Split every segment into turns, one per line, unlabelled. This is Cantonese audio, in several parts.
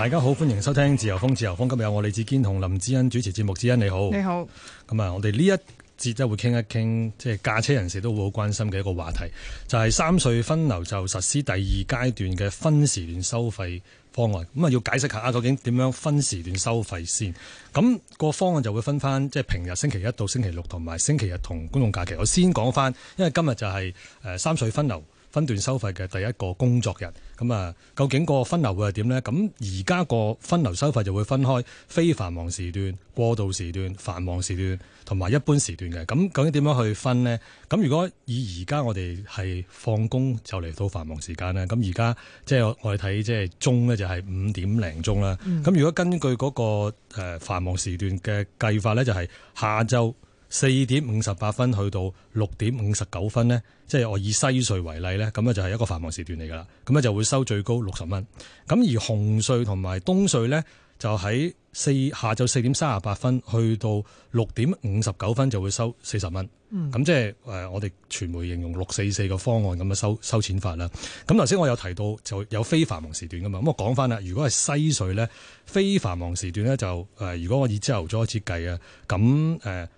大家好，歡迎收聽自由風，自由風今日有我李志堅同林子欣主持節目。子欣你好，你好。咁啊好，我哋呢一節就會傾一傾，即係駕車人士都會好關心嘅一個話題，就係、是、三隧分流就實施第二階段嘅分時段收費方案。咁啊，要解釋一下一下究竟點樣分時段收費先。咁、那個方案就會分翻，即係平日星期一到星期六同埋星期日同公眾假期。我先講翻，因為今日就係、是、誒、呃、三隧分流。分段收費嘅第一個工作日，咁啊，究竟個分流會係點呢？咁而家個分流收費就會分開非繁忙時段、過渡時段、繁忙時段同埋一般時段嘅。咁究竟點樣去分呢？咁如果以而家我哋係放工就嚟到繁忙時間咧，咁而家即係我哋睇即係鐘呢就係五點零鐘啦。咁、嗯、如果根據嗰個繁忙時段嘅計法呢，就係下晝。四點五十八分去到六點五十九分呢，即係我以西隧為例呢，咁咧就係、是、一個繁忙時段嚟㗎啦。咁咧就會收最高六十蚊。咁而紅隧同埋東隧呢，就喺四下晝四點三十八分去到六點五十九分就會收四十蚊。咁、嗯、即係我哋傳媒形容六四四個方案咁樣收收錢法啦。咁頭先我有提到就有非繁忙時段㗎嘛。咁我講翻啦，如果係西隧呢，非繁忙時段呢，就如果我以朝頭早設計啊，咁誒。呃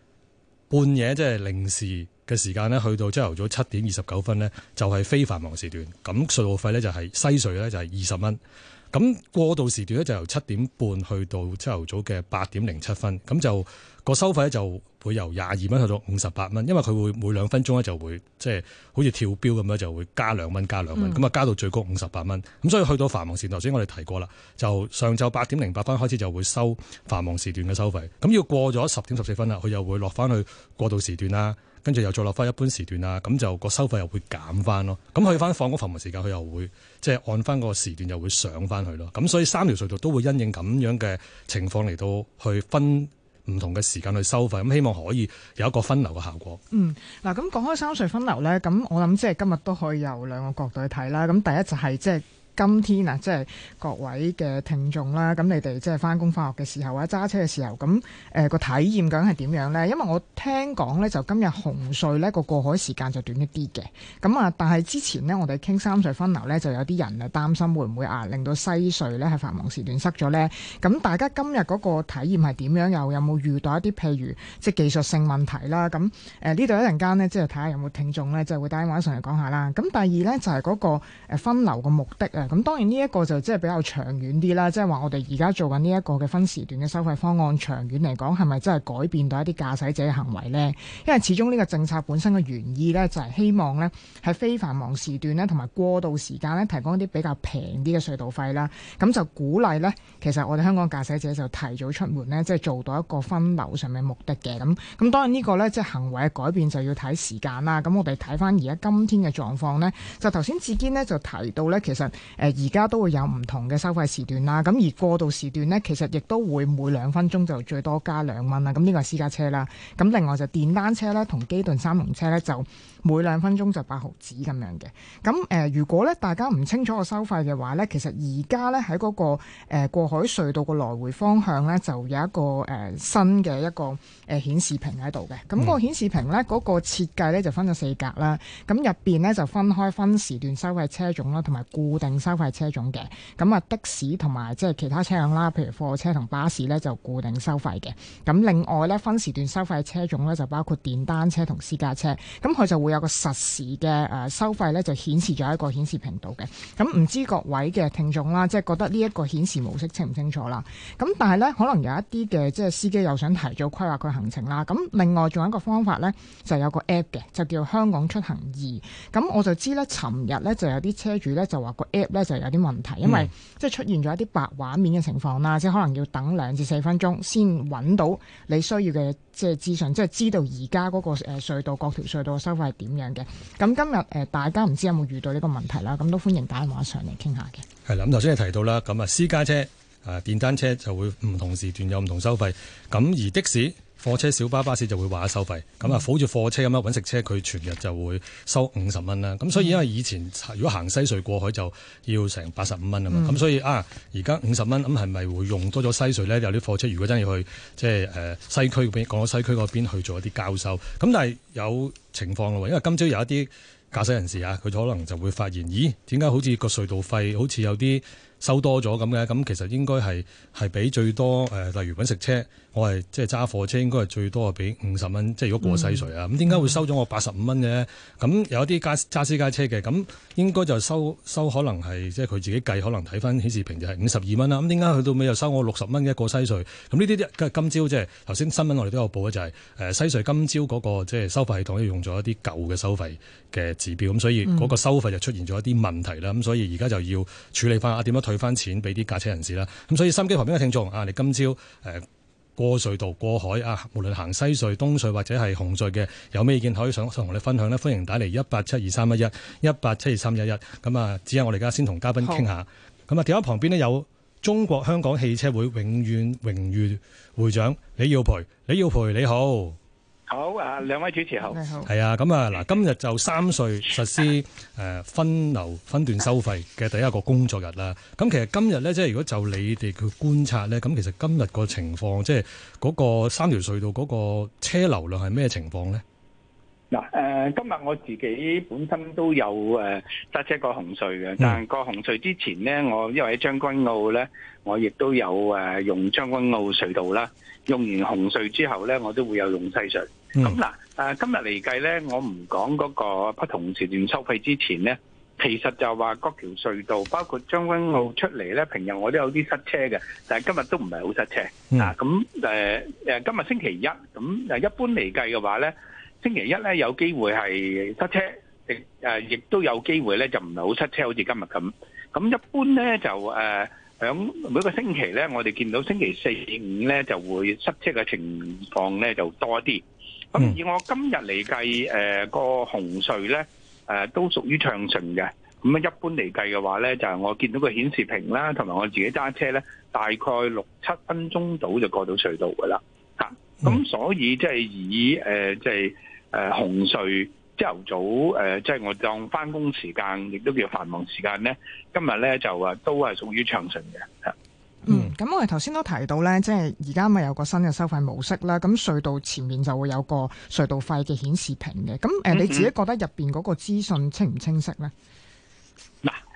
半夜即係零時嘅時間呢，去到朝頭早七點二十九分呢就係、是、非繁忙時段。咁隧道費呢、就是，就係西隧呢，就係二十蚊。咁過渡時段呢，就由七點半去到朝頭早嘅八點零七分，咁就。個收費咧就會由廿二蚊去到五十八蚊，因為佢會每兩分鐘咧就會即係好似跳錶咁樣，就會加兩蚊加兩蚊咁啊，嗯、加到最高五十八蚊。咁所以去到繁忙時段，頭先我哋提過啦，就上晝八點零八分開始就會收繁忙時段嘅收費。咁要過咗十點十四分啦，佢又會落翻去過渡時段啦，跟住又再落翻一般時段啦。咁就個收費又會減翻咯。咁去翻放工繁忙時間，佢又會即係按翻個時段又會上翻去咯。咁所以三條隧道都會因應咁樣嘅情況嚟到去分。唔同嘅時間去收費，咁希望可以有一個分流嘅效果。
嗯，嗱，咁講開三隧分流咧，咁我諗即係今日都可以由兩個角度去睇啦。咁第一就係即係。今天啊，即係各位嘅聽眾啦，咁你哋即係翻工翻學嘅時候或者揸車嘅時候，咁誒個體驗究竟係點樣呢？因為我聽講呢，就今日紅隧呢個過海時間就短一啲嘅。咁啊，但係之前呢，我哋傾三隧分流呢，就有啲人啊擔心會唔會啊令到西隧呢係繁忙時段塞咗呢。咁大家今日嗰個體驗係點樣？又有冇遇到一啲譬如即係技術性問題啦？咁誒呢度一陣間呢，即係睇下有冇聽眾咧，就會打電話上嚟講下啦。咁第二呢，就係嗰個誒分流嘅目的啊。咁當然呢一個就即係比較長遠啲啦，即係話我哋而家做緊呢一個嘅分時段嘅收費方案，長遠嚟講係咪真係改變到一啲駕駛者嘅行為呢？因為始終呢個政策本身嘅原意呢，就係希望呢喺非繁忙時段呢，同埋過渡時間呢，提供一啲比較平啲嘅隧道費啦。咁就鼓勵呢，其實我哋香港駕駛者就提早出門呢，即係做到一個分流上面目的嘅。咁咁當然呢個呢，即係行為嘅改變就要睇時間啦。咁我哋睇翻而家今天嘅狀況呢，就頭先志堅呢，就提到呢其實。誒而家都會有唔同嘅收費時段啦，咁而過渡時段呢，其實亦都會每兩分鐘就最多加兩蚊啦。咁呢個係私家車啦，咁另外就電單車啦，同機動三輪車呢，就每兩分鐘就八毫子咁樣嘅。咁誒，如果咧大家唔清楚個收費嘅話呢，其實而家呢，喺嗰個誒過海隧道個來回方向呢，就有一個誒新嘅一個誒顯示屏喺度嘅。咁個顯示屏呢，嗰、嗯、個,個設計咧就分咗四格啦，咁入邊呢，就分開分時段收費車種啦，同埋固定。收費車種嘅咁啊的士同埋即係其他車輛啦，譬如貨車同巴士呢，就固定收費嘅。咁另外呢，分時段收費車種呢，就包括電單車同私家車。咁佢就會有個實時嘅誒收費呢，就顯示咗一個顯示屏度嘅。咁唔知各位嘅聽眾啦，即係覺得呢一個顯示模式清唔清楚啦？咁但係呢，可能有一啲嘅即係司機又想提早規劃佢行程啦。咁另外仲有一個方法呢，就有個 app 嘅，就叫香港出行二。咁我就知呢，尋日呢就有啲車主呢，就話個 app。咧就有啲問題，因為即係出現咗一啲白畫面嘅情況啦，嗯、即係可能要等兩至四分鐘先揾到你需要嘅即係資訊，即係知道而家嗰個誒隧道各條隧道嘅收費係點樣嘅。咁今日誒、呃、大家唔知有冇遇到呢個問題啦，咁都歡迎打電話上嚟傾下嘅。
係啦，我頭先係提到啦，咁啊私家車誒電單車就會唔同時段有唔同收費，咁而的士、貨車、小巴、巴士就會話收費，咁啊，好似貨車咁啊，搵食車佢全日就會收五十蚊啦。咁所以因為以前如果行西隧過去就要成八十五蚊啊嘛，咁所以啊，而家五十蚊，咁係咪會用多咗西隧咧？有啲貨車如果真係要去即係、呃、西區嗰邊，講到西區嗰邊去做一啲交收，咁但係有情況咯喎，因為今朝有一啲駕駛人士啊，佢可能就會發現，咦，點解好似個隧道費好似有啲收多咗咁嘅？咁其實應該係係俾最多、呃、例如搵食車。我係即係揸貨車，應該係最多係俾五十蚊。即係如果過西隧啊，咁點解會收咗我八十五蚊嘅？咁、嗯、有一啲揸揸私家車嘅，咁應該就收收可能係即係佢自己計，可能睇翻顯示屏就係五十二蚊啦。咁點解去到尾又收我六十蚊嘅過西隧？咁呢啲啲今朝即係頭先新聞，我哋都有報嘅，就係、是、誒西隧今朝嗰個即係收費系統咧用咗一啲舊嘅收費嘅指標，咁所以嗰個收費就出現咗一啲問題啦。咁、嗯、所以而家就要處理翻啊，點樣退翻錢俾啲駕車人士啦？咁所以心機旁邊嘅聽眾啊，你今朝誒、呃過隧道、過海啊！無論行西隧、東隧或者係紅隧嘅，有咩意見可以想同我哋分享呢？歡迎打嚟一八七二三一一一八七二三一一，咁啊，之後我哋而家先同嘉賓傾下。咁啊好，電話旁邊呢，有中國香港汽車會永遠榮譽會長李耀培，李耀培你好。
好啊！兩位主持好係
啊，咁啊嗱，今日就三隧實施誒分流分段收費嘅第一個工作日啦。咁其實今日咧，即係如果就你哋去觀察咧，咁其實今日個情況，即係嗰個三條隧道嗰個車流量係咩情況咧？
嗱誒，今日我自己本身都有誒揸車過紅隧嘅，但係過紅隧之前咧，我因為喺將軍澳咧，我亦都有誒用將軍澳隧道啦。用完紅隧之後咧，我都會有用西隧。咁嗱，誒今日嚟計咧，我唔講嗰個不同時段收費之前咧，其實就話各條隧道包括將軍澳出嚟咧，平日我都有啲塞車嘅，但係今日都唔係好塞車。嗱，咁誒誒，今日星期一，咁嗱一般嚟計嘅話咧，星期一咧有機會係塞車，亦誒亦都有機會咧就唔係好塞車，好似今日咁。咁一般咧就誒響每個星期咧，我哋見到星期四五咧就會塞車嘅情況咧就多啲。咁、嗯、以我今日嚟計，誒、呃、個紅隧咧，誒、呃、都屬於暢順嘅。咁啊，一般嚟計嘅話咧，就係、是、我見到個顯示屏啦，同埋我自己揸車咧，大概六七分鐘到就過到隧道㗎啦。吓！咁、啊、所以即係以誒，即係誒紅隧朝頭早誒，即、呃、係、就是、我當翻工時間，亦都叫繁忙時間咧。今日咧就都係屬於暢順嘅。啊。
嗯，咁我哋頭先都提到咧，即係而家咪有個新嘅收費模式啦。咁隧道前面就會有個隧道費嘅顯示屏嘅。咁誒，你自己覺得入邊嗰個資訊清唔清晰咧？
嗱、嗯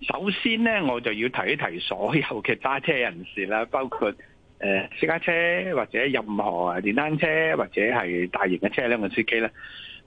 嗯，首先咧，我就要提一提所有嘅揸車人士啦，包括誒、呃、私家車或者任何電單車或者係大型嘅車輛嘅司機咧。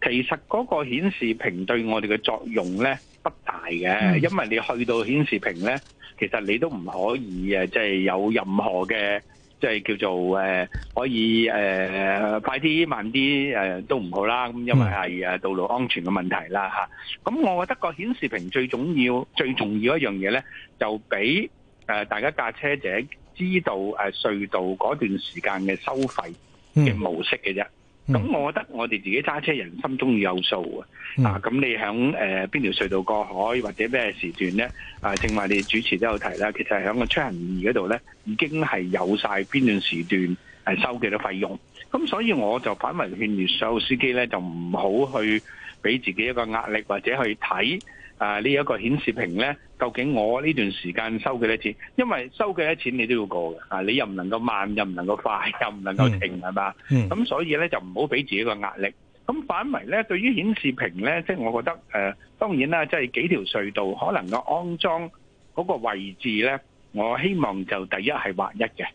其實嗰個顯示屏對我哋嘅作用咧，不大嘅，因為你去到顯示屏咧。其實你都唔可以啊，即係有任何嘅，即係叫做誒，可以誒快啲慢啲誒，都唔好啦。咁因為係啊，道路安全嘅問題啦吓。咁我覺得個顯示屏最重要、最重要一樣嘢咧，就俾誒大家駕車者知道誒隧道嗰段時間嘅收費嘅模式嘅啫。咁、嗯、我覺得我哋自己揸車人心中要有數啊！咁你喺誒邊條隧道過海或者咩時段咧？啊，正話你主持都有提啦，其實喺個出行易嗰度咧，已經係有晒邊段時段係收幾多費用。咁所以我就反為勸所有司機咧，就唔好去俾自己一個壓力，或者去睇。啊！呢一個顯示屏咧，究竟我呢段時間收幾多錢？因為收幾多錢你都要過嘅，啊！你又唔能夠慢，又唔能夠快，又唔能夠停，係嘛？咁所以咧就唔好俾自己個壓力。咁反為咧，對於顯示屏咧，即係我覺得誒，當然啦，即係幾條隧道可能嘅安裝嗰個位置咧，我希望就第一係劃一嘅。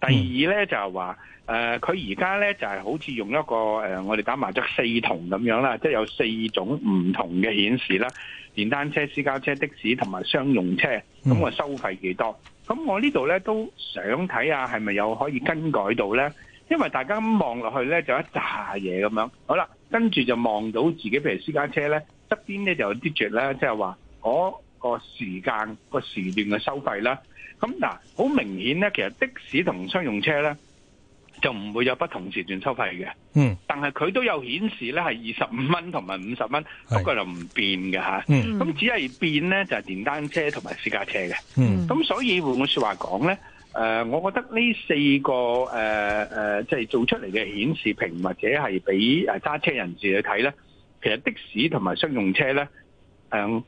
第二咧就係、是、話，誒佢而家咧就係、是、好似用一個誒、呃，我哋打麻雀四筒咁樣啦，即係有四種唔同嘅顯示啦，電單車、私家車、的士同埋商用車，咁我收費幾多？咁我呢度咧都想睇下係咪有可以更改到咧，因為大家望落去咧就一揸嘢咁樣，好啦，跟住就望到自己譬如私家車咧側邊咧就有啲字啦，即係話我，個時間個時段嘅收費啦，咁嗱，好明顯咧，其實的士同商用車咧就唔會有不同時段收費嘅，嗯，但係佢都有顯示咧係二十五蚊同埋五十蚊，是不過、嗯、就唔變嘅吓，咁只係變咧就係電單車同埋私家車嘅，嗯，咁所以換句說話講咧，誒、呃，我覺得呢四個誒誒，即、呃、係、呃就是、做出嚟嘅顯示屏或者係俾誒揸車人士去睇咧，其實的士同埋商用車咧，誒、呃。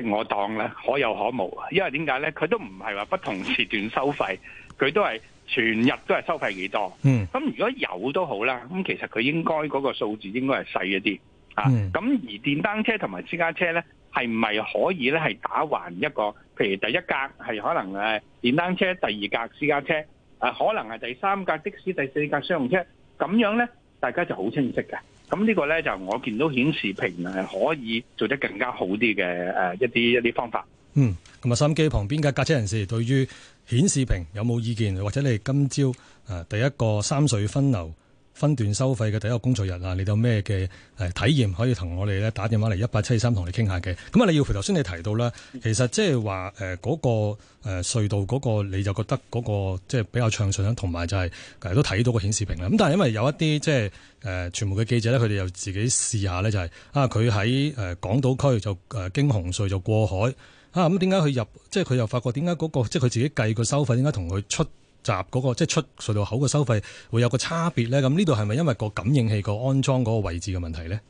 即我當咧可有可無啊，因為點解咧？佢都唔係話不同時段收費，佢都係全日都係收費幾多。嗯，咁如果有都好啦，咁其實佢應該嗰個數字應該係細一啲啊。咁、mm. 而電單車同埋私家車咧，係唔係可以咧係打橫一個？譬如第一格係可能係電單車，第二格私家車，啊可能係第三格的士，第四格商用車，咁樣咧，大家就好清晰嘅。咁呢個咧就我見到顯示屏係可以做得更加好啲嘅，誒一啲一啲方法。嗯，
同埋收音機旁邊嘅駕車人士，對於顯示屏有冇意見？或者你今朝誒第一個三隧分流分段收費嘅第一個工作日啊，你有咩嘅誒體驗可以同我哋咧打電話嚟一八七二三同你傾下嘅？咁啊，李耀培，頭先，你提到啦其實即係話嗰個隧道嗰個，你就覺得嗰個即係比較暢順啦，同埋就係其實都睇到個顯示屏啦。咁但係因為有一啲即係誒傳媒嘅記者咧，佢哋又自己試下咧、就是，就係啊，佢喺、呃、港島區就誒經紅隧就過海啊，咁點解佢入即係佢又發覺點解嗰個即係佢自己計個收費，點解同佢出？集嗰、那個即係出隧道口嘅收費會有個差別咧，咁呢度係咪因為個感應器個安裝嗰個位置嘅問題咧？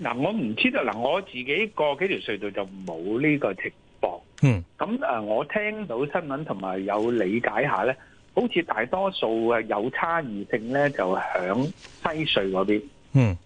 嗱，我唔知道。嗱，我自己過幾條隧道就冇呢個情況，嗯，咁啊，我聽到新聞同埋有理解一下咧，好似大多數啊有差異性咧、嗯呃，就響、是、西隧嗰邊，
嗯，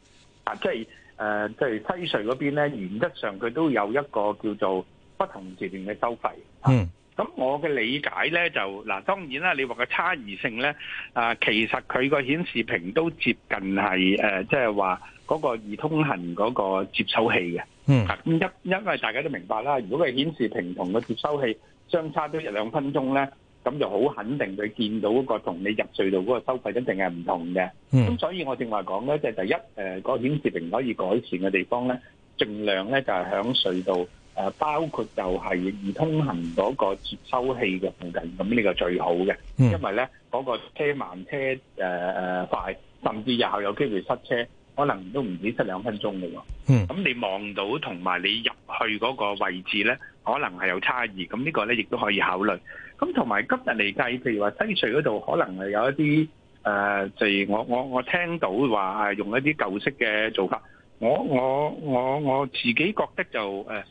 啊，即係誒，即係西隧嗰邊咧，原則上佢都有一個叫做不同時段嘅收費，嗯。咁我嘅理解咧就嗱，當然啦，你話個差異性咧、啊，其實佢個顯示屏都接近係即係話嗰個易通行嗰個接收器嘅。嗯，咁一因為大家都明白啦，如果個顯示屏同個接收器相差都一兩分鐘咧，咁就好肯定佢見到嗰個同你入隧道嗰個收費一定係唔同嘅。
咁、嗯、所
以我正話講咧，就係、第一、呃那個顯示屏可以改善嘅地方咧，盡量咧就係、是、喺隧道。誒包括就係易通行嗰個接收器嘅附近，咁呢個最好嘅，因為咧嗰、那個車慢車誒誒快，甚至日後有機會塞車，可能都唔止塞兩分鐘嘅喎。嗯，咁你望到同埋你入去嗰個位置咧，可能係有差異，咁呢個咧亦都可以考慮。咁同埋今日嚟計，譬如話西隧嗰度可能係有一啲誒，譬、呃、如我我我聽到話係用一啲舊式嘅做法，我我我我自己覺得就誒。呃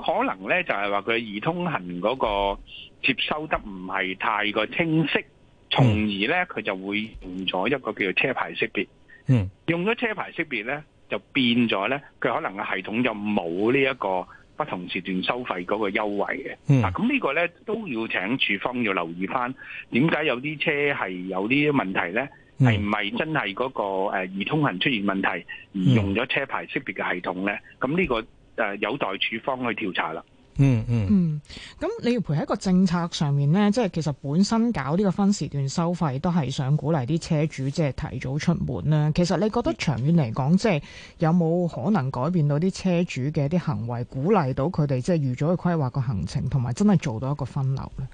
好可能咧，就係話佢易通行嗰個接收得唔係太過清晰，從而咧，佢就會用咗一個叫做車牌識別。嗯，用咗車牌識別咧，就變咗咧，佢可能個系統就冇呢一個不同時段收費嗰個優惠嘅。嗱，咁呢個咧，都要請署方要留意返，點解有啲車係有呢啲問題咧？係唔係真係嗰個誒易通行出現問題而用咗車牌識別嘅系統咧？咁呢個。誒有待處方去調查啦、嗯。嗯
嗯嗯，咁耀培，喺一個政策上面呢，即係其實本身搞呢個分時段收費都係想鼓勵啲車主即係提早出門啦。其實你覺得長遠嚟講，即係有冇可能改變到啲車主嘅啲行為，鼓勵到佢哋即係預早去規劃個行程，同埋真係做到一個分流咧？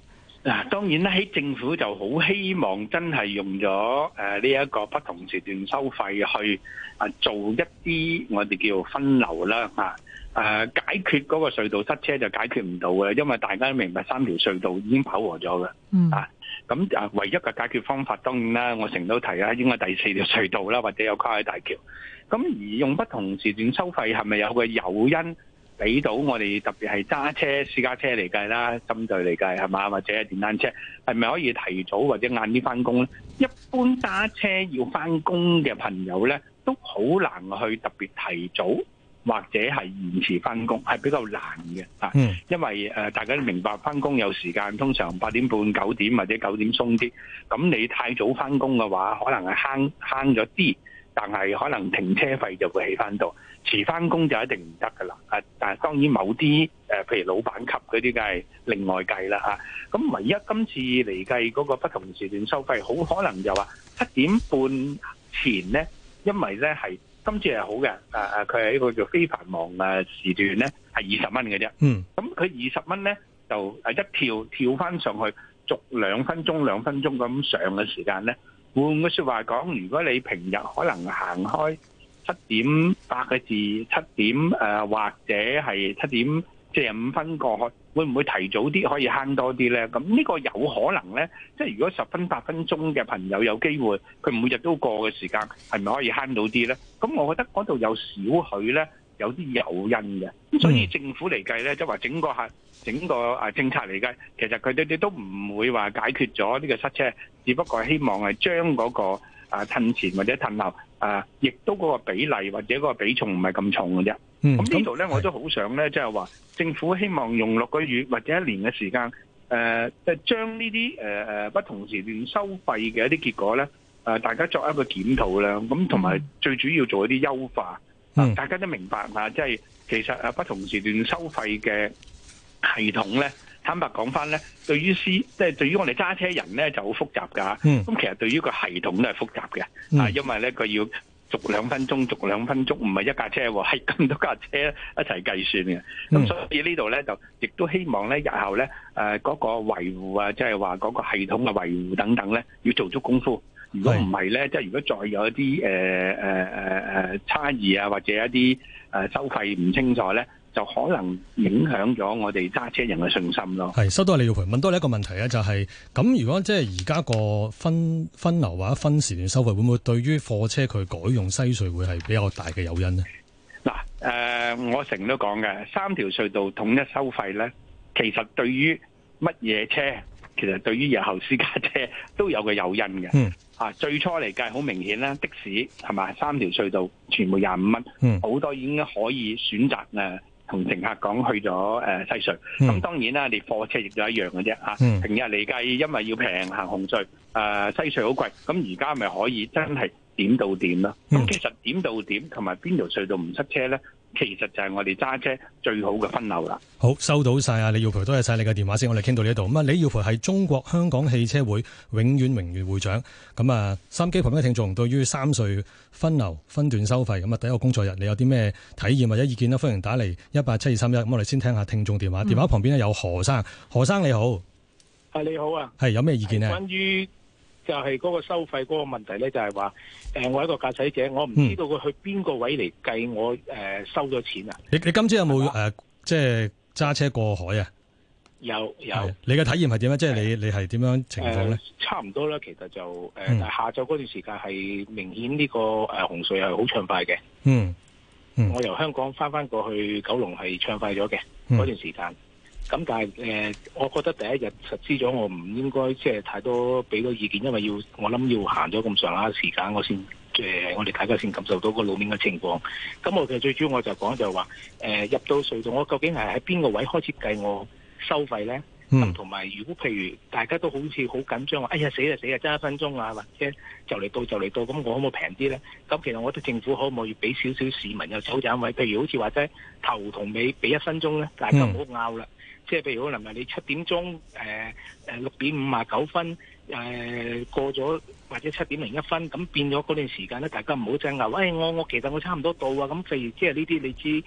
嗱，當然咧，喺政府就好希望真係用咗誒呢一個不同時段收費去啊做一啲我哋叫分流啦嚇。誒、啊，解決嗰個隧道塞車就解決唔到嘅，因為大家都明白三條隧道已經飽和咗嘅。啊、嗯，咁啊，唯一嘅解決方法，當然啦，我成日都提啦，應該第四條隧道啦，或者有跨海大橋。咁而用不同時段收費，係咪有個誘因俾到我哋？特別係揸車、私家車嚟計啦，針對嚟計係嘛，或者係電單車，係咪可以提早或者晏啲翻工咧？一般揸車要翻工嘅朋友咧，都好難去特別提早。或者係延遲返工係比較難嘅、嗯、因為、呃、大家都明白返工有時間，通常八點半九點或者九點鬆啲。咁你太早返工嘅話，可能係慳咗啲，但係可能停車費就會起翻到。遲返工就一定唔得㗎啦。啊，但係當然某啲、呃、譬如老闆級嗰啲，梗係另外計啦嚇。咁、啊、唯一今次嚟計嗰個不同時段收費，好可能就話七點半前呢，因為呢係。今次係好嘅，啊啊！佢係一個叫非繁忙嘅時段咧，係二十蚊嘅啫。嗯，咁佢二十蚊咧，就啊一跳跳翻上去，續兩分鐘兩分鐘咁上嘅時間咧。換個説話講，如果你平日可能行開七點八個字，七點誒、啊、或者係七點四十五分過去，會唔會提早啲可以慳多啲呢？咁呢個有可能呢。即係如果十分八分鐘嘅朋友有機會，佢每日都過嘅時間，係咪可以慳到啲呢？咁我覺得嗰度有少許呢，有啲誘因嘅。所以政府嚟計呢，即係話整個整個啊政策嚟計，其實佢哋啲都唔會話解決咗呢個塞車，只不過希望係將嗰、嗰個啊趁前或者趁後啊，亦都嗰個比例或者嗰個比重唔係咁重嘅啫。咁、嗯、呢度咧，嗯、我都好想咧，即係話政府希望用六個月或者一年嘅時間，誒、呃，即係將呢啲誒誒不同時段收費嘅一啲結果咧，誒、呃，大家作一個檢討啦。咁同埋最主要做一啲優化、啊。大家都明白、就是、啊，即係其實誒不同時段收費嘅系統咧，坦白講翻咧，對於私即係對於我哋揸車人咧就好複雜噶。咁、嗯啊、其實對於個系統都係複雜嘅，啊，因為咧佢要。逐兩分鐘，逐兩分鐘，唔係一架車喎，係咁多架車一齊計算嘅。咁所以呢度咧，就亦都希望咧，日後咧，誒、呃、嗰、嗰個維護啊，即係話嗰個系統嘅維護等等咧，要做足功夫。如果唔係咧，即、就、係、係、如果再有一啲誒誒誒誒差異啊，或者一啲誒、呃、收費唔清楚咧，就可能影響咗我哋揸車人嘅信心咯。
係，收到你要，李耀培問多你一個問題咧，就係、是、咁。如果即係而家個分分流或者分時段收費，會唔會對於貨車佢改用西隧會係比較大嘅誘因呢？
嗱，誒，我成日都講嘅三條隧道統一收費呢，其實對於乜嘢車，其實對於日後私家車都有個誘因嘅。嗯，啊，最初嚟計好明顯咧、啊，的士係咪三條隧道全部廿五蚊？好、嗯、多已經可以選擇啊。同乘客講去咗誒、呃、西隧，咁、嗯、當然啦、啊，你貨車亦都一樣嘅啫、啊嗯、平日嚟計，因為要平行紅隧，誒、呃、西隧好貴，咁而家咪可以真係點到點囉。咁、嗯、其實點到點同埋邊條隧道唔塞車咧？其實就係我哋揸車最好嘅分流
啦。好，收到晒啊！李耀培，多謝晒你嘅電話先，我哋傾到呢一度。咁啊，李耀培係中國香港汽車會永遠榮譽會長。咁啊，收音機旁邊嘅聽眾，對於三隧分流、分段收費，咁啊，第一個工作日你有啲咩體驗或者意見呢？歡迎打嚟，一八七二三一。咁我哋先聽下聽眾電話。嗯、電話旁邊呢，有何生，何生你好。
係你好啊。
係有咩意見呢？關於
就係嗰個收費嗰個問題咧，就係話誒我一個駕駛者，我唔知道佢去邊個位嚟計我、呃、收咗錢啊！
你你今朝有冇誒即係揸車過海啊？
有有，
你嘅體驗係點啊？是即係你你係點樣情況咧、
呃？差唔多啦，其實就、呃、但係下晝嗰段時間係明顯呢個誒紅隧係好暢快嘅、
嗯。
嗯，我由香港翻翻過去九龍係暢快咗嘅嗰段時間。咁但係、呃、我覺得第一日實施咗，我唔應該即係、呃、太多俾個意見，因為要我諗要行咗咁上下時間，我先誒、呃，我哋大家先感受到個路面嘅情況。咁我其實最主要我就講就係話、呃、入到隧道，我究竟係喺邊個位開始計我收費咧？
咁同
埋如果譬如大家都好似好緊張話，哎呀死啊死啊爭一分鐘啊，或者就嚟到就嚟到，咁我可唔可以平啲咧？咁其實我覺得政府可唔可以俾少少市民有手肘位？譬如好似話齋頭同尾俾一分鐘咧，大家唔好拗啦。嗯即係譬如可能你七點鐘，六點五十九分誒過咗，或者七點零一分，咁變咗嗰段時間咧，大家唔好爭拗。喂，我我其實我差唔多到啊，咁譬如即係呢啲你知。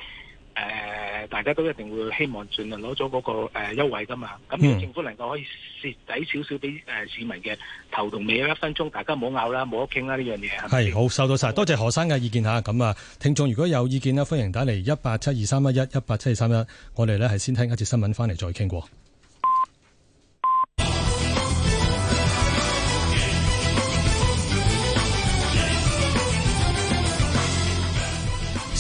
大家都一定會希望盡量攞咗嗰個誒優惠㗎嘛，咁政府能夠可以蝕底少少俾市民嘅頭同尾一分鐘，大家唔好拗啦，冇得傾啦呢樣嘢。係
好，收到晒，多謝何生嘅意見下咁啊，聽眾如果有意見咧，歡迎打嚟一八七二三一一一八七二三一，我哋呢係先聽一節新聞翻嚟再傾過。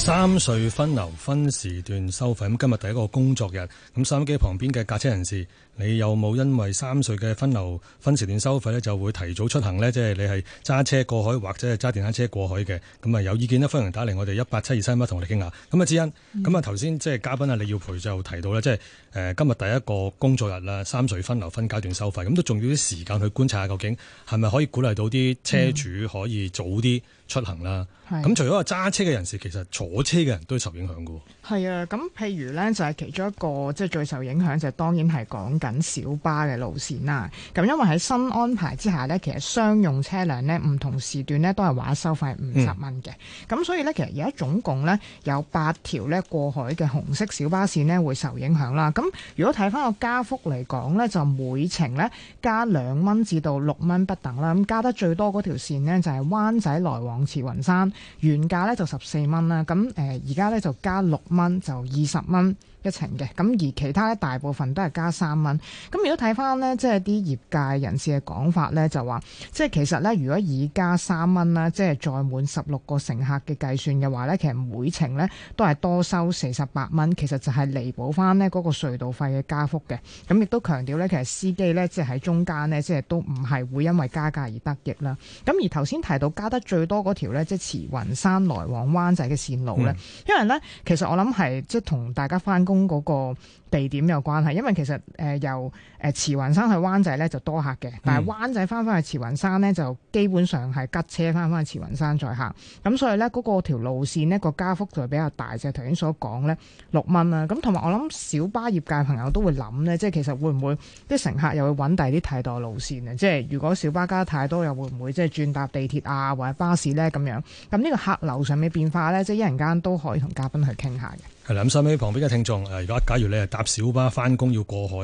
三隧分流分時段收費，咁今日第一個工作日，咁收音機旁邊嘅駕車人士，你有冇因為三隧嘅分流分時段收費咧，就會提早出行呢？即係你係揸車過海或者係揸電單車過海嘅，咁啊有意見咧，歡迎打嚟我哋一八七二三一，同我哋傾下。咁啊、嗯，志恩。咁啊頭先即係嘉賓啊，李耀培就提到咧，即係。誒今日第一個工作日啦，三隧分流分階段收費，咁都仲要啲時間去觀察下，究竟係咪可以鼓勵到啲車主可以早啲出行啦？咁、嗯、除咗話揸車嘅人士，其實坐車嘅人都受影響嘅。
係啊，咁譬如呢，就係其中一個即係最受影響，就是當然係講緊小巴嘅路線啦。咁因為喺新安排之下呢，其實商用車輛呢，唔同時段呢，都係話收費五十蚊嘅。咁、嗯、所以呢，其實而家總共呢，有八條呢過海嘅紅色小巴線呢，會受影響啦。咁如果睇翻個，加幅嚟講呢，就每程呢，加兩蚊至到六蚊不等啦。咁加得最多嗰條線呢，就係灣仔來往慈雲山，原價呢就十四蚊啦。咁誒而家呢，就加六蚊，就二十蚊。一程嘅，咁而其他咧大部分都係加三蚊。咁如果睇翻咧，即係啲業界人士嘅講法咧，就話即係其實咧，如果以加三蚊啦，即係載滿十六個乘客嘅計算嘅話咧，其實每程咧都係多收四十八蚊。其實就係彌補翻咧嗰個隧道費嘅加幅嘅。咁亦都強調咧，其實司機咧即係喺中間咧，即係都唔係會因為加價而得益啦。咁而頭先提到加得最多嗰條咧，即係慈雲山來往灣仔嘅線路咧，嗯、因為咧其實我諗係即係同大家翻工。嗰、那個。地點有關係，因為其實誒由誒慈雲山去灣仔咧就多客嘅，但係灣仔翻返去慈雲山咧就基本上係吉車翻返去慈雲山再行，咁所以咧嗰、嗰個條路線呢個加幅就比較大，即係頭先所講咧六蚊啊。咁同埋我諗小巴業界朋友都會諗咧，即係其實會唔會啲乘客又去揾第二啲替代路線啊？即係如果小巴加太多，又會唔會即係轉搭地鐵啊或者巴士咧咁樣？咁呢個客流上嘅變化咧，即係一陣間都可以同嘉賓去傾下嘅。
係啦，咁收尾旁邊嘅聽眾如果假如你係搭小巴翻工要過海，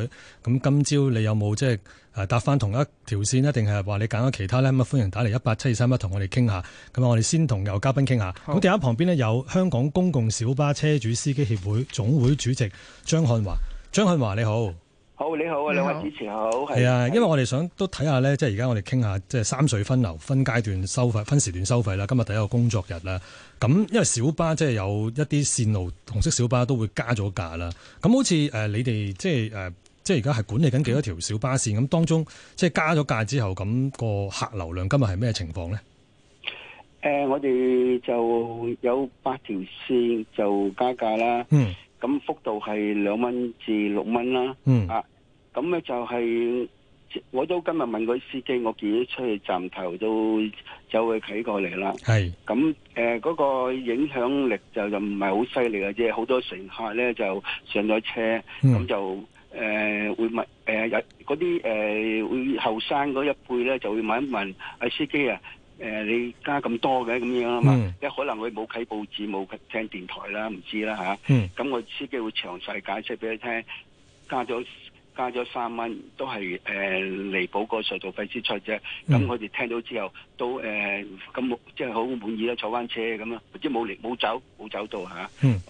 咁今朝你有冇即係搭翻同一條線呢？定係話你揀咗其他呢？咁啊歡迎打嚟一八七二三一同我哋傾下。咁啊，我哋先同游嘉賓傾下。咁電話旁邊呢，有香港公共小巴車主司機協會總會主席張漢華。張漢華你好。
好，你好，兩位主持
好，係啊，是因為我哋想都睇下咧，即係而家我哋傾下，即係、就是、三水分流、分階段收費、分時段收費啦。今日第一個工作日啦，咁因為小巴即係有一啲綫路，紅色小巴都會加咗價啦。咁好似誒、呃，你哋即係誒，即係而家係管理緊幾多條小巴綫？咁當中即係加咗價之後，咁、那個客流量今日係咩情況咧？
誒、呃，我哋就有八條綫就加價啦。嗯。咁幅度係兩蚊至六蚊啦，嗯、啊，咁咧就係、是，我都今日問過司機，我自己出去站頭都走去企過嚟啦。係是，咁誒嗰個影響力就就唔係好犀利嘅啫，好多乘客咧就上咗車，咁就誒、呃、會問誒有嗰啲誒會後生嗰一輩咧就會問一問阿司機啊。誒、呃、你加咁多嘅咁樣啊嘛，即、嗯、可能佢冇睇報紙、冇聽電台啦，唔知啦
咁、啊
嗯、我司機會詳細解釋俾佢聽，加咗加咗三蚊，都係誒彌補個隧道費支出啫。咁佢哋聽到之後都誒咁即係好滿意啦，坐翻車咁樣，即係冇力冇走冇走到
咁咁、
啊嗯、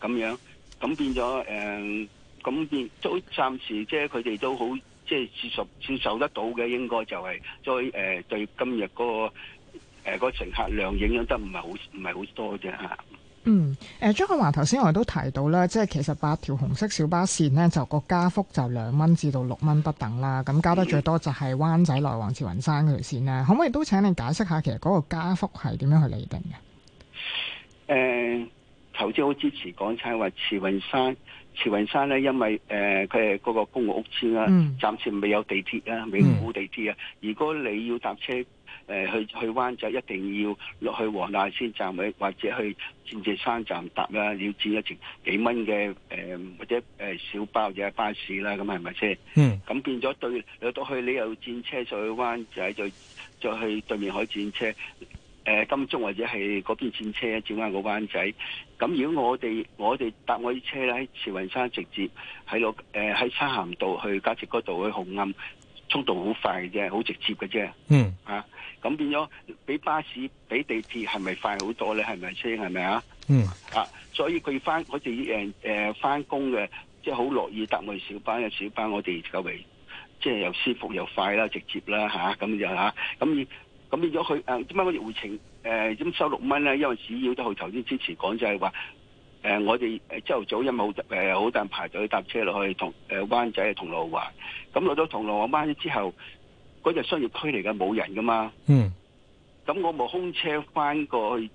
樣咁變咗誒，咁、呃、變都暫時，即係佢哋都好。即係接受接受得到嘅，應該就係再誒對今日嗰、那個誒、呃那個、乘客量影響得唔係好唔係好多嘅啫嚇。
嗯，誒張漢華頭先我哋都提到啦，即係其實八條紅色小巴線呢，就個加幅就兩蚊至到六蚊不等啦。咁加得最多就係灣仔來往慈雲山嗰條線咧。可唔可以都請你解釋下，其實嗰個加幅係點樣去釐定嘅？
誒、呃，頭先好支持港車，話慈雲山。慈雲山咧，因為誒佢係嗰個公共屋村啦、啊，嗯、暫時未有地鐵啊，未冇地鐵啊。嗯、如果你要搭車誒、呃、去去灣仔，就一定要落去黃大仙站或者去鑽石山站搭啦、啊，要轉一程幾蚊嘅誒，或者誒、呃、小巴嘅巴士啦，咁係咪先？咁、嗯、變咗對，你到去你又要轉車再去灣仔，再再去對面海轉車。誒、呃，金鐘或者係嗰邊轉車，轉翻個灣仔。咁如果我哋我哋搭我啲車咧，喺慈雲山直接喺度，誒喺沙咸道去嘉捷嗰度去紅磡，速度好快嘅啫，好直接嘅啫。嗯啊，咁變咗比巴士比地鐵係咪快好多咧？係咪車係咪啊？嗯啊，所以佢翻我哋誒誒翻工嘅，即係好樂意搭我哋小巴嘅小巴，我哋作為即係又舒服又快啦，直接啦吓，咁樣吓咁。咁變咗佢誒點解個回程誒點、呃、收六蚊咧？因為主要都係頭先之前講就係話誒，我哋朝頭早因為好好多人排隊搭車落去銅誒、呃、灣仔嘅銅鑼灣咁落咗銅鑼灣之後，嗰隻商業區嚟嘅，冇人噶嘛。嗯。咁、嗯、我冇空車翻過去，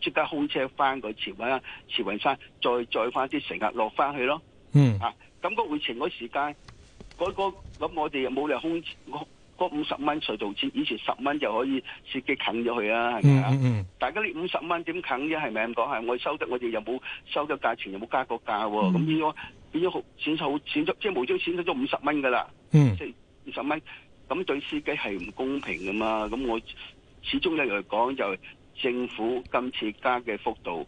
即刻空車翻過去慈雲，雲山，慈雲山再載翻啲乘客落翻去咯。嗯。嚇、啊，咁個回程嗰時間，嗰、嗰個咁我哋又冇理由空。五十蚊隧道錢，以前十蚊就可以司機啃咗佢啦，係咪啊？大家呢五十蚊點啃啫？係咪咁講？係我收得，我哋又冇收咗價錢，又冇加個價，啊，咁、mm hmm. 變咗變咗好，損好，損失即係冇咗損失咗五十蚊噶啦，即係五十蚊。咁、就是、對司機係唔公平噶嘛？咁我始終一嚟講就係政府今次加嘅幅度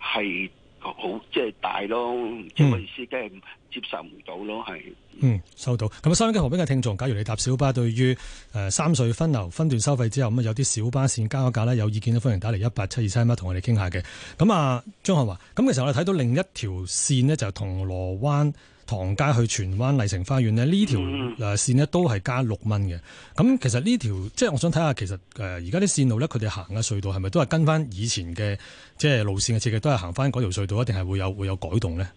係。好即係大咯，即係我意思，梗係接受唔到咯，係。
嗯，收到。咁收音機旁邊嘅聽眾，假如你搭小巴，對於誒三隧分流分段收費之後，咁有啲小巴線加咗價呢，有意見都歡迎打嚟一八七二三一，同我哋傾下嘅。咁啊，張漢華，咁其實我哋睇到另一條線呢，就係銅鑼灣。唐街去荃灣麗城花園咧，呢條誒線都係加六蚊嘅。咁、嗯、其實呢條，即係我想睇下，其實而家啲線路咧，佢哋行嘅隧道係咪都係跟翻以前嘅即係路線嘅設計，都係行翻嗰條隧道，定係會有會有改動咧？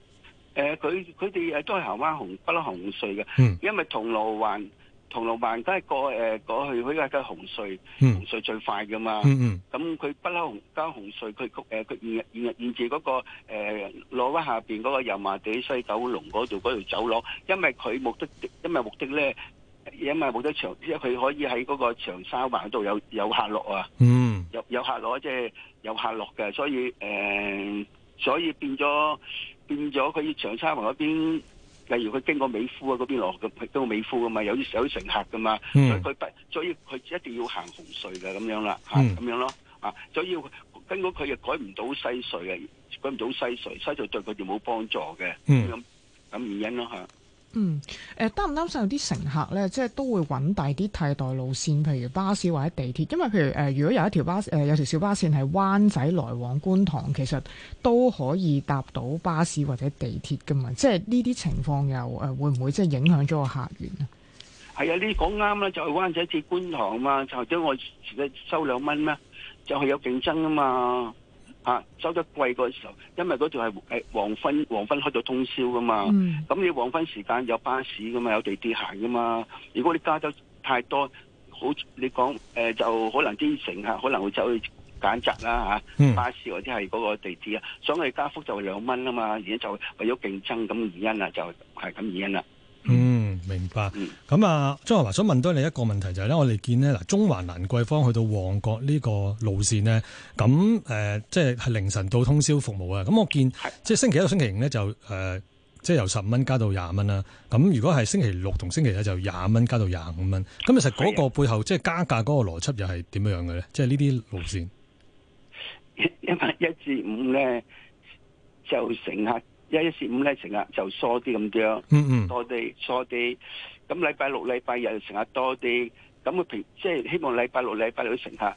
佢佢哋都係行翻紅不甩紅隧嘅，嗯、因為銅鑼灣。銅鑼灣都係過誒過去，佢似係個紅隧，紅隧最快噶嘛。咁佢不嬲紅加紅隧，佢曲誒佢沿沿沿住嗰個誒羅灣下邊嗰個油麻地西九龍嗰度條走廊，因為佢目的，因為目的咧，因為目的長，因為佢可以喺嗰個長沙灣度有有下落啊。嗯，有有下落，即係有下落嘅，所以誒、呃，所以變咗變咗佢要長沙灣嗰邊。例如佢經過美孚啊嗰邊落去，經過美孚噶嘛，有啲有啲乘客噶嘛，嗯，所以佢，所以佢不，所以佢一定要行紅隧噶咁樣啦，吓咁、嗯、樣咯，啊，所以根本佢又改唔到西隧嘅，改唔到西隧，西隧對佢哋冇幫助嘅，咁咁、嗯、原因咯吓。
嗯，誒、呃、擔唔擔心有啲乘客咧，即係都會揾大啲替代路線，譬如巴士或者地鐵，因為譬如、呃、如果有一條巴、呃、有條小巴士線係灣仔來往觀塘，其實都可以搭到巴士或者地鐵噶嘛，即係呢啲情況又誒、呃、會唔會即係影響咗個客源啊？
係啊，你
講啱啦，就係、是、灣仔接觀塘嘛，或者我實收兩蚊咩？就係、是、有競爭啊嘛。啊，收得貴嗰時候，因為嗰度係誒黃昏，黃昏開到通宵噶嘛，咁、嗯、你黃昏時間有巴士噶嘛，有地鐵行噶嘛。如果你加收太多，好你講誒、呃、就可能啲乘客可能會走去揀擇啦吓，巴士或者係嗰個地鐵啊，所以加幅就兩蚊啊嘛，而家就為咗競爭咁原因啊，就係咁原因啦。嗯，明白。
咁啊、嗯，張漢華想問多你一個問題，就係、是、咧，我哋見呢，嗱，中環蘭桂坊去到旺角呢個路線呢，咁誒、呃，即係凌晨到通宵服務啊。咁我見即係星期一到星期五呢，就誒，即係由十五蚊加到廿蚊啦。咁如果係星期六同星期日就廿蚊加到廿五蚊。咁其實嗰個背後即係加價嗰個邏輯又係點樣樣嘅咧？即係呢啲路線，
因為一至五咧就乘客。一一至五咧乘客就疏啲咁樣，嗯嗯，多啲疏啲。咁禮拜六、禮拜日乘客多啲。咁佢平即係希望禮拜六、禮拜日啲乘客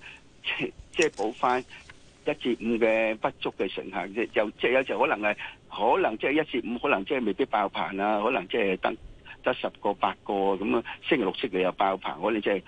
即即係補翻一至五嘅不足嘅乘客即。又即係有就可能係可能即係一至五，可能即係未必爆棚啊。可能即係得得十個八個咁啊。星期六、星期日又爆棚，我哋即係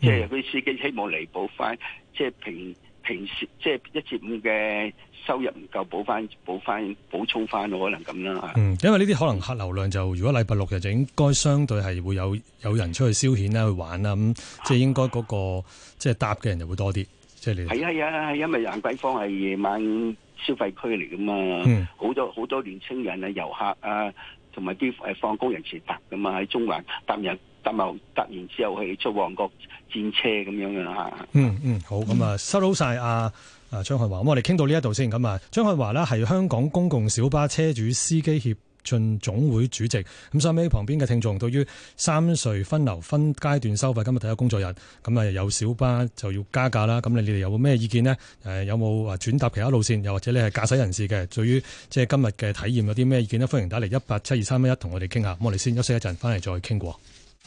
即係啲司機希望嚟補翻，即係平平時即係一至五嘅。收入唔夠補翻、補翻、補充翻，可能咁啦吓。
嗯，因為呢啲可能客流量就，如果禮拜六日就應該相對係會有有人出去消遣啦、去玩啦，咁、嗯、即係應該嗰、嗰個、啊、即係搭嘅人就會多啲。即係你係啊係
啊、啊，因為蘭桂坊係夜晚消費區嚟噶嘛，好、嗯、多好多年青人啊、遊客啊，同埋啲誒放工人士搭噶嘛，喺中環搭人。突
然之後，係出旺角戰車咁樣樣嚇。嗯嗯，好咁啊，收得好曬啊！啊張漢華，咁我哋傾到呢一度先咁啊。張漢華咧係香港公共小巴車主司機協進總會主席。咁收尾，旁邊嘅聽眾，對於三隧分流分階段收費，今日第一工作日，咁啊有小巴就要加價啦。咁你你哋有冇咩意見呢？誒有冇或轉搭其他路線？又或者你係駕駛人士嘅，對於即係今日嘅體驗有啲咩意見呢？歡迎打嚟一八七二三一一同我哋傾下。咁我哋先休息一陣，翻嚟再傾過。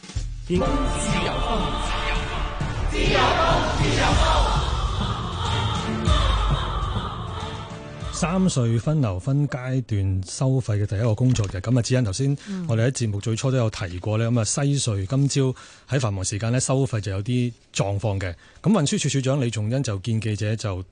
三
隧分流分階段收費嘅第一個工作就係，咁啊，芷欣頭先我哋喺節目最初都有提過呢。咁啊、嗯、西隧今朝喺繁忙時間收費就有啲狀況嘅，咁運輸署署長李仲恩就見記者就誒、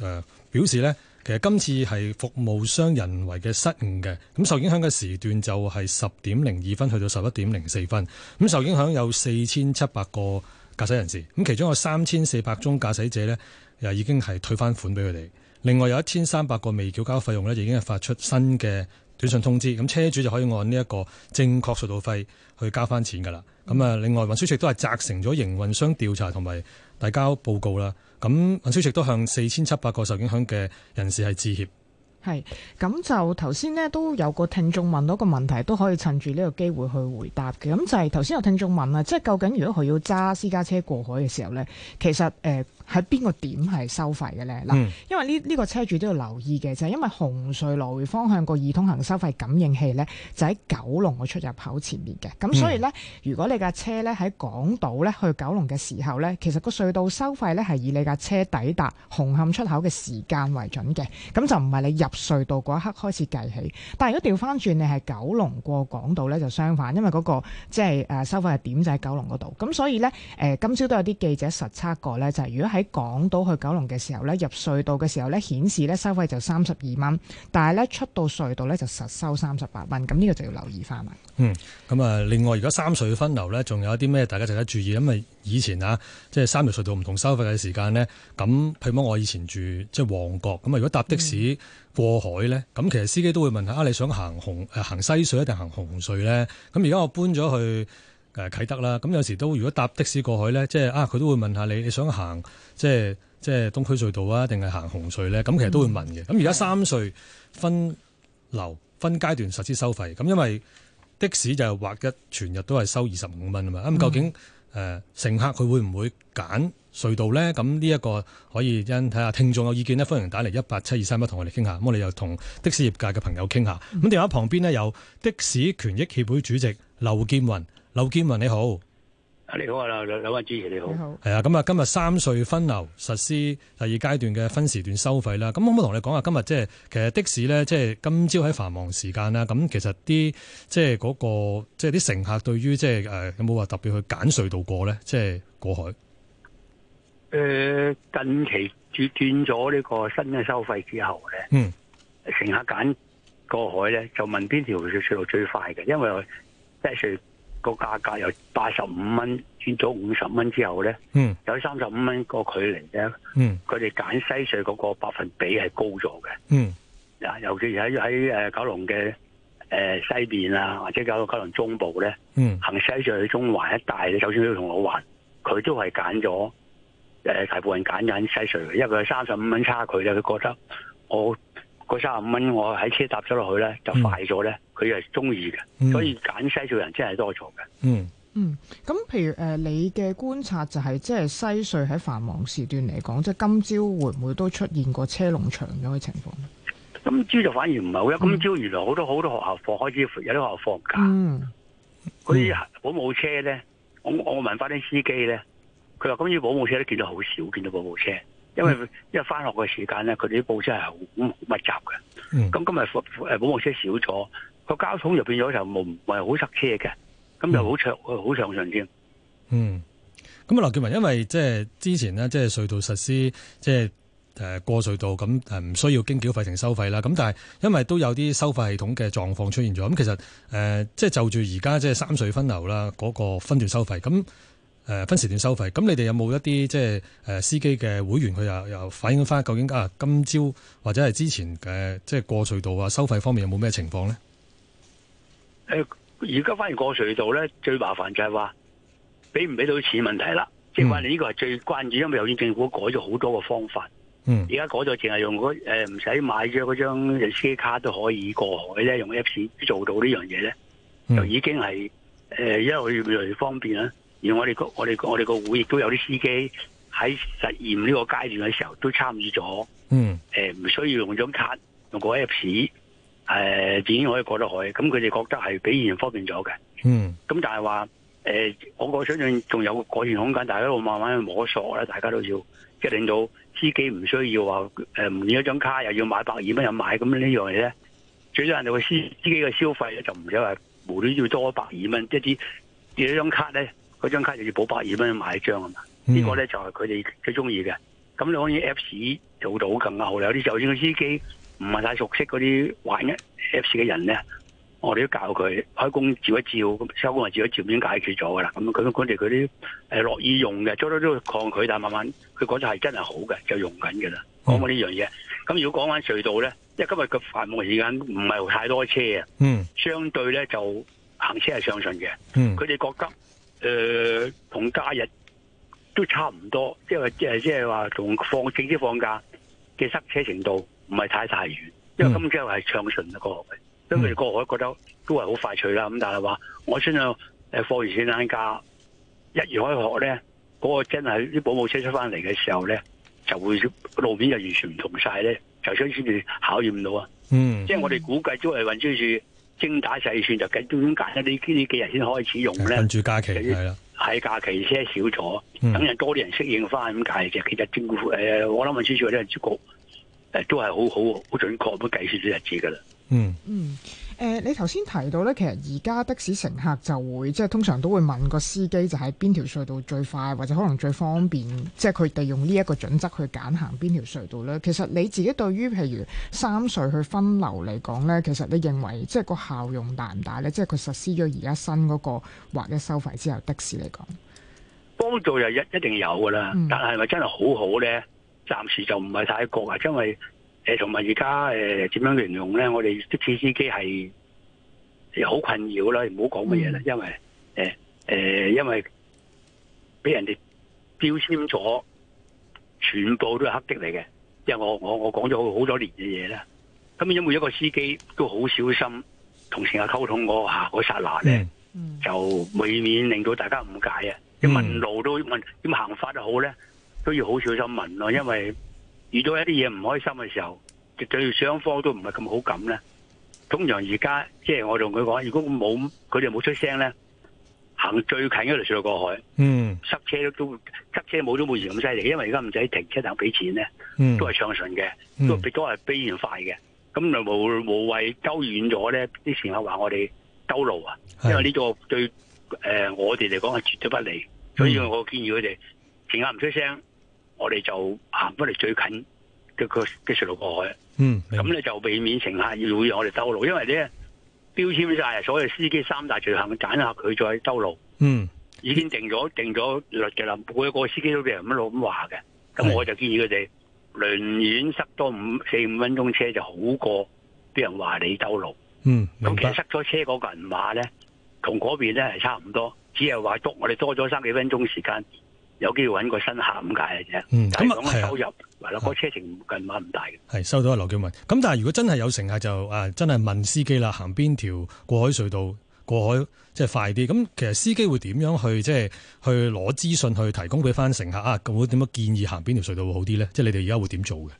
呃、表示呢。其實今次係服務商人為嘅失誤嘅，咁受影響嘅時段就係十點零二分去到十一點零四分，咁受影響有四千七百個駕駛人士，咁其中有三千四百宗駕駛者呢，又已經係退翻款俾佢哋，另外有一千三百個未繳交費用呢，已經係發出新嘅短信通知，咁車主就可以按呢一個正確隧道費去交翻錢㗎啦。咁啊，另外運輸署都係責成咗營運商調查同埋遞交報告啦。咁運輸署都向4700個受影響嘅人士係致歉。
係，咁就頭先呢都有個聽眾問到個問題，都可以趁住呢個機會去回答嘅。咁就係頭先有聽眾問啦，即係究竟如果佢要揸私家車過海嘅時候呢，其實喺邊、呃、個點係收費嘅呢？嗱、嗯，因為呢呢、呢個車主都要留意嘅就係、是、因為紅隧來回方向個易通行收費感應器呢，就喺九龍嘅出入口前面嘅。咁所以呢，嗯、如果你架車呢喺港島呢去九龍嘅時候呢，其實個隧道收費呢係以你架車抵達紅磡出口嘅時間為準嘅，咁就唔係你入隧道嗰一刻開始計起，但係如果調翻轉，你係九龍過港島咧，就相反，因為嗰個即係誒收費係點就喺九龍嗰度。咁所以咧，誒今朝都有啲記者實測過咧，就係、係、如果喺港島去九龍嘅時候咧，入隧道嘅時候咧，顯示咧收費就三十二蚊，但係咧出到隧道咧就實收三十八蚊。咁呢個就要留意翻啦。嗯，
咁啊，另外如果三隧分流咧，仲有啲咩大家大家值得注意？因為啊，以前啊，即係三條隧道唔同收費嘅時間咧，咁譬如我以前住即係旺角，咁啊，如果搭的士。嗯過海咧，咁其實司機都會問下，你想行紅誒行西隧定行紅隧咧？咁而家我搬咗去誒啟德啦，咁有時都如果搭的士過海咧，即係啊，佢都會問下你你想行即係即係東區隧道啊，定係行紅隧咧？咁其實都會問嘅。咁而家三隧分流分階段實施收費，咁因為的士就係劃一全日都係收二十五蚊啊嘛。咁究竟誒乘客佢會唔會揀？隧道呢，咁呢一個可以因睇下聽眾有意見呢，歡迎打嚟一八七二三一，同我哋傾下。咁我哋又同的士業界嘅朋友傾下。咁、嗯、電話旁邊呢，有的士權益協會主席劉劍魂。劉劍魂你好，
你好啊，兩位主持你好，你
好。係啊，咁啊，今日三隧分流實施第二階段嘅分時段收費啦。咁可唔可以同你講下今日即係其實的士呢，即係今朝喺繁忙時間啦。咁其實啲即係嗰個即係啲乘客對於即係誒有冇話特別去揀隧道過呢？即係過海。
誒，近期轉斷咗呢個新嘅收費之後
咧，
嗯、乘客揀過海咧，就問邊條水路最快嘅，因為西隧個價格由八十五蚊轉咗五十蚊之後咧，嗯、有三十五蚊個距離咧，佢哋揀西隧嗰個百分比係高咗嘅。嗱、嗯，尤其喺喺誒九龍嘅誒、呃、西面啊，或者搞到九龍中部咧，嗯、行西隧去中環一帶咧，首先都要同我話，佢都係揀咗。誒、呃，大部分揀緊西隧嘅，因為佢三十五蚊差距咧，佢覺得我嗰三十五蚊，我喺車搭咗落去咧就快咗咧，佢又中意嘅，所以揀西隧人真係多咗嘅、嗯。
嗯
嗯，咁譬如誒、呃，你嘅觀察就係、是、即係西隧喺繁忙時段嚟講，即係今朝會唔會都出現過車龍長咁嘅情況？
今朝就反而唔係好一，今朝原來好多好、嗯、多學校放開，之有啲學校放假，嗯，嗰啲他們、嗯、保姆車咧，我我問翻啲司機咧。佢話：今朝保姆車都見到好少，見到保姆車，因為因為翻學嘅時間咧，佢哋啲部車係好密集嘅。咁、嗯、今日保姆車少咗，個交通又有咗就唔唔係好塞車嘅，咁就好暢好暢順添。嗯，
咁啊、嗯，劉劍魂，因為即係之前呢，即係隧道實施即係過隧道咁唔需要經繳費亭收費啦。咁但係因為都有啲收費系統嘅狀況出現咗。咁其實即係就住而家即係三隧分流啦，嗰個分段收費咁。誒、呃、分時段收費，咁你哋有冇一啲即係誒司機嘅會員，佢又又反映返究竟啊今朝或者係之前嘅、呃、即係過隧道啊、呃、收費方面有冇咩情況咧？
誒而家反而過隧道咧最麻煩就係話俾唔俾到錢問題啦，即係話你呢個係最關注，因為由於政府改咗好多個方法，嗯，而家改咗淨係用嗰唔使買咗嗰張司機卡都可以過海咧，用 Apps 做到這件事呢樣嘢咧，嗯、就已經係誒、呃、一路越嚟越方便啦。而我哋我哋個我哋個會亦都有啲司機喺實驗呢個階段嘅時候都參與咗，嗯，誒唔、呃、需要用張卡用個 apps，誒自然可以過得去，咁佢哋覺得係比以前方便咗嘅，嗯，咁但係話誒我我相信仲有改善空間，大家都慢慢去摸索啦，大家都要即係令到司機唔需要話唔見咗張卡又要買百二蚊又買，咁呢樣嘢咧，最多人哋個司司機嘅消費咧就唔使話無端要多百二蚊，即啲掉一張卡咧。嗰張、嗯、卡就要補百二蚊買一張啊嘛，呢、呢個咧就係佢哋最中意嘅。咁你可以 Apps 做到更加好。有啲就算個司機唔係太熟悉嗰啲玩 Apps 嘅人咧，我哋都教佢開工照一照，咁收工又照一照，已經解決咗噶啦。咁佢哋佢啲誒樂意用嘅，初初都抗拒，但係慢慢佢講出係真係好嘅，就用緊噶啦。講、嗯、過呢樣嘢，咁如果講翻隧道咧，因為今日嘅繁忙時間唔係太多車啊，嗯、相對咧就行車係相信嘅。佢哋、嗯、覺得。誒，同、呃、假日都差唔多，即係即係即係話同放正式放假嘅塞車程度唔係太大遠、嗯啊，因為今朝係暢順一個，所以佢哋過海覺得都係好快脆啦、啊。咁、嗯、但係話我相信誒，放完暑假一開學咧，嗰、那個真係啲保姆車出翻嚟嘅時候咧，就會路面就完全唔同晒咧，就先先至考驗到啊。嗯，即係我哋估計都係運輸署。精打細算就緊張揀一啲呢幾日先開始用咧，跟
住假期係啦，
係假期車少咗，等、嗯、人多啲人適應翻。咁解其實政府、呃、我諗文先生嗰啲局都係好好好準確咁計少少日子噶啦。嗯
嗯。誒、呃，你頭先提到咧，其實而家的士乘客就會即係通常都會問個司機，就係邊條隧道最快或者可能最方便，即係佢哋用呢一個準則去揀行邊條隧道咧。其實你自己對於譬如三隧去分流嚟講咧，其實你認為即係個效用大唔大咧？即係佢實施咗而家新嗰、嗰個劃一收費之後，的士嚟講，
幫助又一一定有噶啦。嗯、但係咪真係好好咧？暫時就唔係太覺啊，因為。誒，同埋而家誒，點樣形容咧？我哋的士司機係好困擾啦，唔好講乜嘢啦，因為誒誒、呃呃，因為俾人哋標籤咗，全部都係黑的嚟嘅。因為我我我講咗好好多年嘅嘢啦。咁因為一個司機都好小心同乘客溝通，那個，我，那、下個剎那
咧，
就未免令到大家誤解啊。點問路都問，點行法都好咧，都要好小心問咯，因為。遇到一啲嘢唔開心嘅時候，就對雙方都唔係咁好感咧。通常而家即係我同佢講，如果冇佢哋冇出聲咧，行最近嗰度穿越過海，
嗯，
塞，塞車冇都塞車冇咗以前咁犀利，因為而家唔使停車，但係俾錢咧，都係暢順嘅，都都係非常快嘅。咁就無無謂兜遠咗咧。啲乘客話我哋兜路啊，因為呢個對誒、呃、我哋嚟講係絕對不利，所以我建議佢哋乘客唔出聲。我哋就行翻嚟最近嘅嘅嘅隧道過去，嗯，咁咧就避免乘客要讓我哋兜路，因為咧標籤晒所有司機三大罪行，揀下佢再兜路，嗯，已經定咗定咗律嘅啦，每一個司機都俾人咁路咁話嘅，咁是我就建議佢哋寧願塞多五四五分鐘車就好過俾人話你兜路，嗯，明白。咁其實塞咗車嗰個人話咧，同嗰邊咧係差唔多，只係話多我哋多咗三幾分鐘時間。有機會揾個新客咁解嘅啫，咁樣嘅收入，嗱、啊，嗰車
程近碼唔大嘅。係收到阿劉劍魂。咁但係如果真係有乘客就誒、啊，真係問司機啦，行邊條過海隧道過海即係、就是、快啲？咁其實司機會點樣去即係、就是、去攞資訊去提供俾翻乘客啊？咁會點樣建議行邊條隧道會好啲咧？即係你哋而家會點做嘅？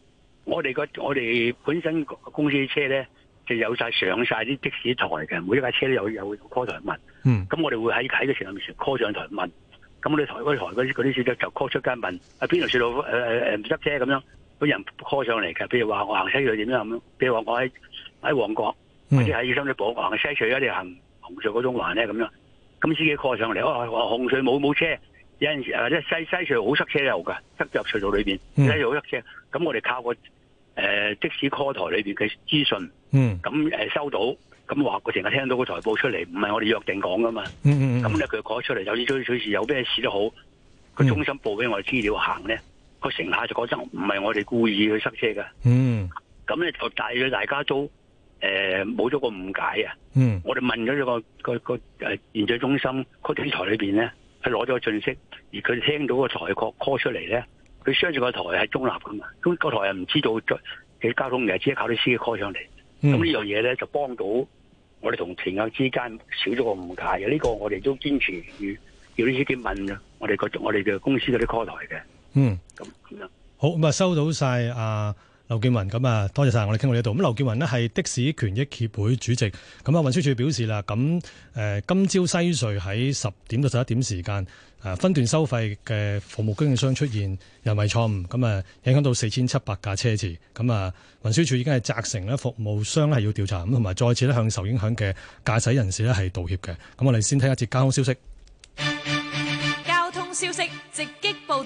我哋個我哋本身公司啲車咧，就有晒上晒啲的士台嘅，每一架車都有有 call 台問。咁、嗯、我哋會喺喺個乘客面前 call 上台問。咁你台嗰台啲嗰啲司機就 call 出街問，啊邊條隧道誒誒唔塞車咁樣，嗰人 call 上嚟嘅。譬如話我行西隧點樣咁樣，譬如話我喺喺旺角或者喺深水埗行西隧一定行紅隧嗰種環咧咁樣。咁司機 call 上嚟哦，紅隧冇冇車，有陣時或者西西隧好塞車流嘅，塞入隧道裏邊西好塞車。咁我哋靠個誒的士 call 台裏邊嘅資訊，咁誒、嗯呃、收到。咁話佢成日聽到個台報出嚟，唔係我哋約定講噶嘛。咁咧佢講出嚟有啲小小事，有咩事都好，
個中
心報俾我哋資料行咧。個乘客就覺得，唔係我哋故意去塞車噶。咁咧、嗯、就大約大家都誒冇咗個誤解啊。我哋問咗、那個、嗯、個個誒現場中心嗰啲台裏邊咧，係攞咗個信息，而佢聽到個台 call call 出嚟咧，佢相信個台係中立噶嘛。咁個台又唔知道，佢交通嘅只係靠啲司機 call 上嚟。咁呢樣嘢咧就幫到。我哋同乘客之間少咗個誤解嘅，呢個我哋都堅持要要呢啲問嘅。我哋個我哋嘅公司嗰啲 call 台嘅。嗯，
咁好咁啊，收到曬啊，劉劍魂。咁啊，多謝曬我哋傾到呢一度。咁劉劍魂咧係的士權益協會主席。咁啊，運輸署表示啦，咁誒今朝西隧喺十點到十一點時間，誒分段收費嘅服務經營商出現人為錯誤，咁啊影響到四千七百架車次，咁啊運輸署已經係責成咧服務商咧要調查，咁同埋再次咧向受影響嘅駕駛人士咧係道歉嘅。咁我哋先睇一節交通消息。
交通消息直擊報。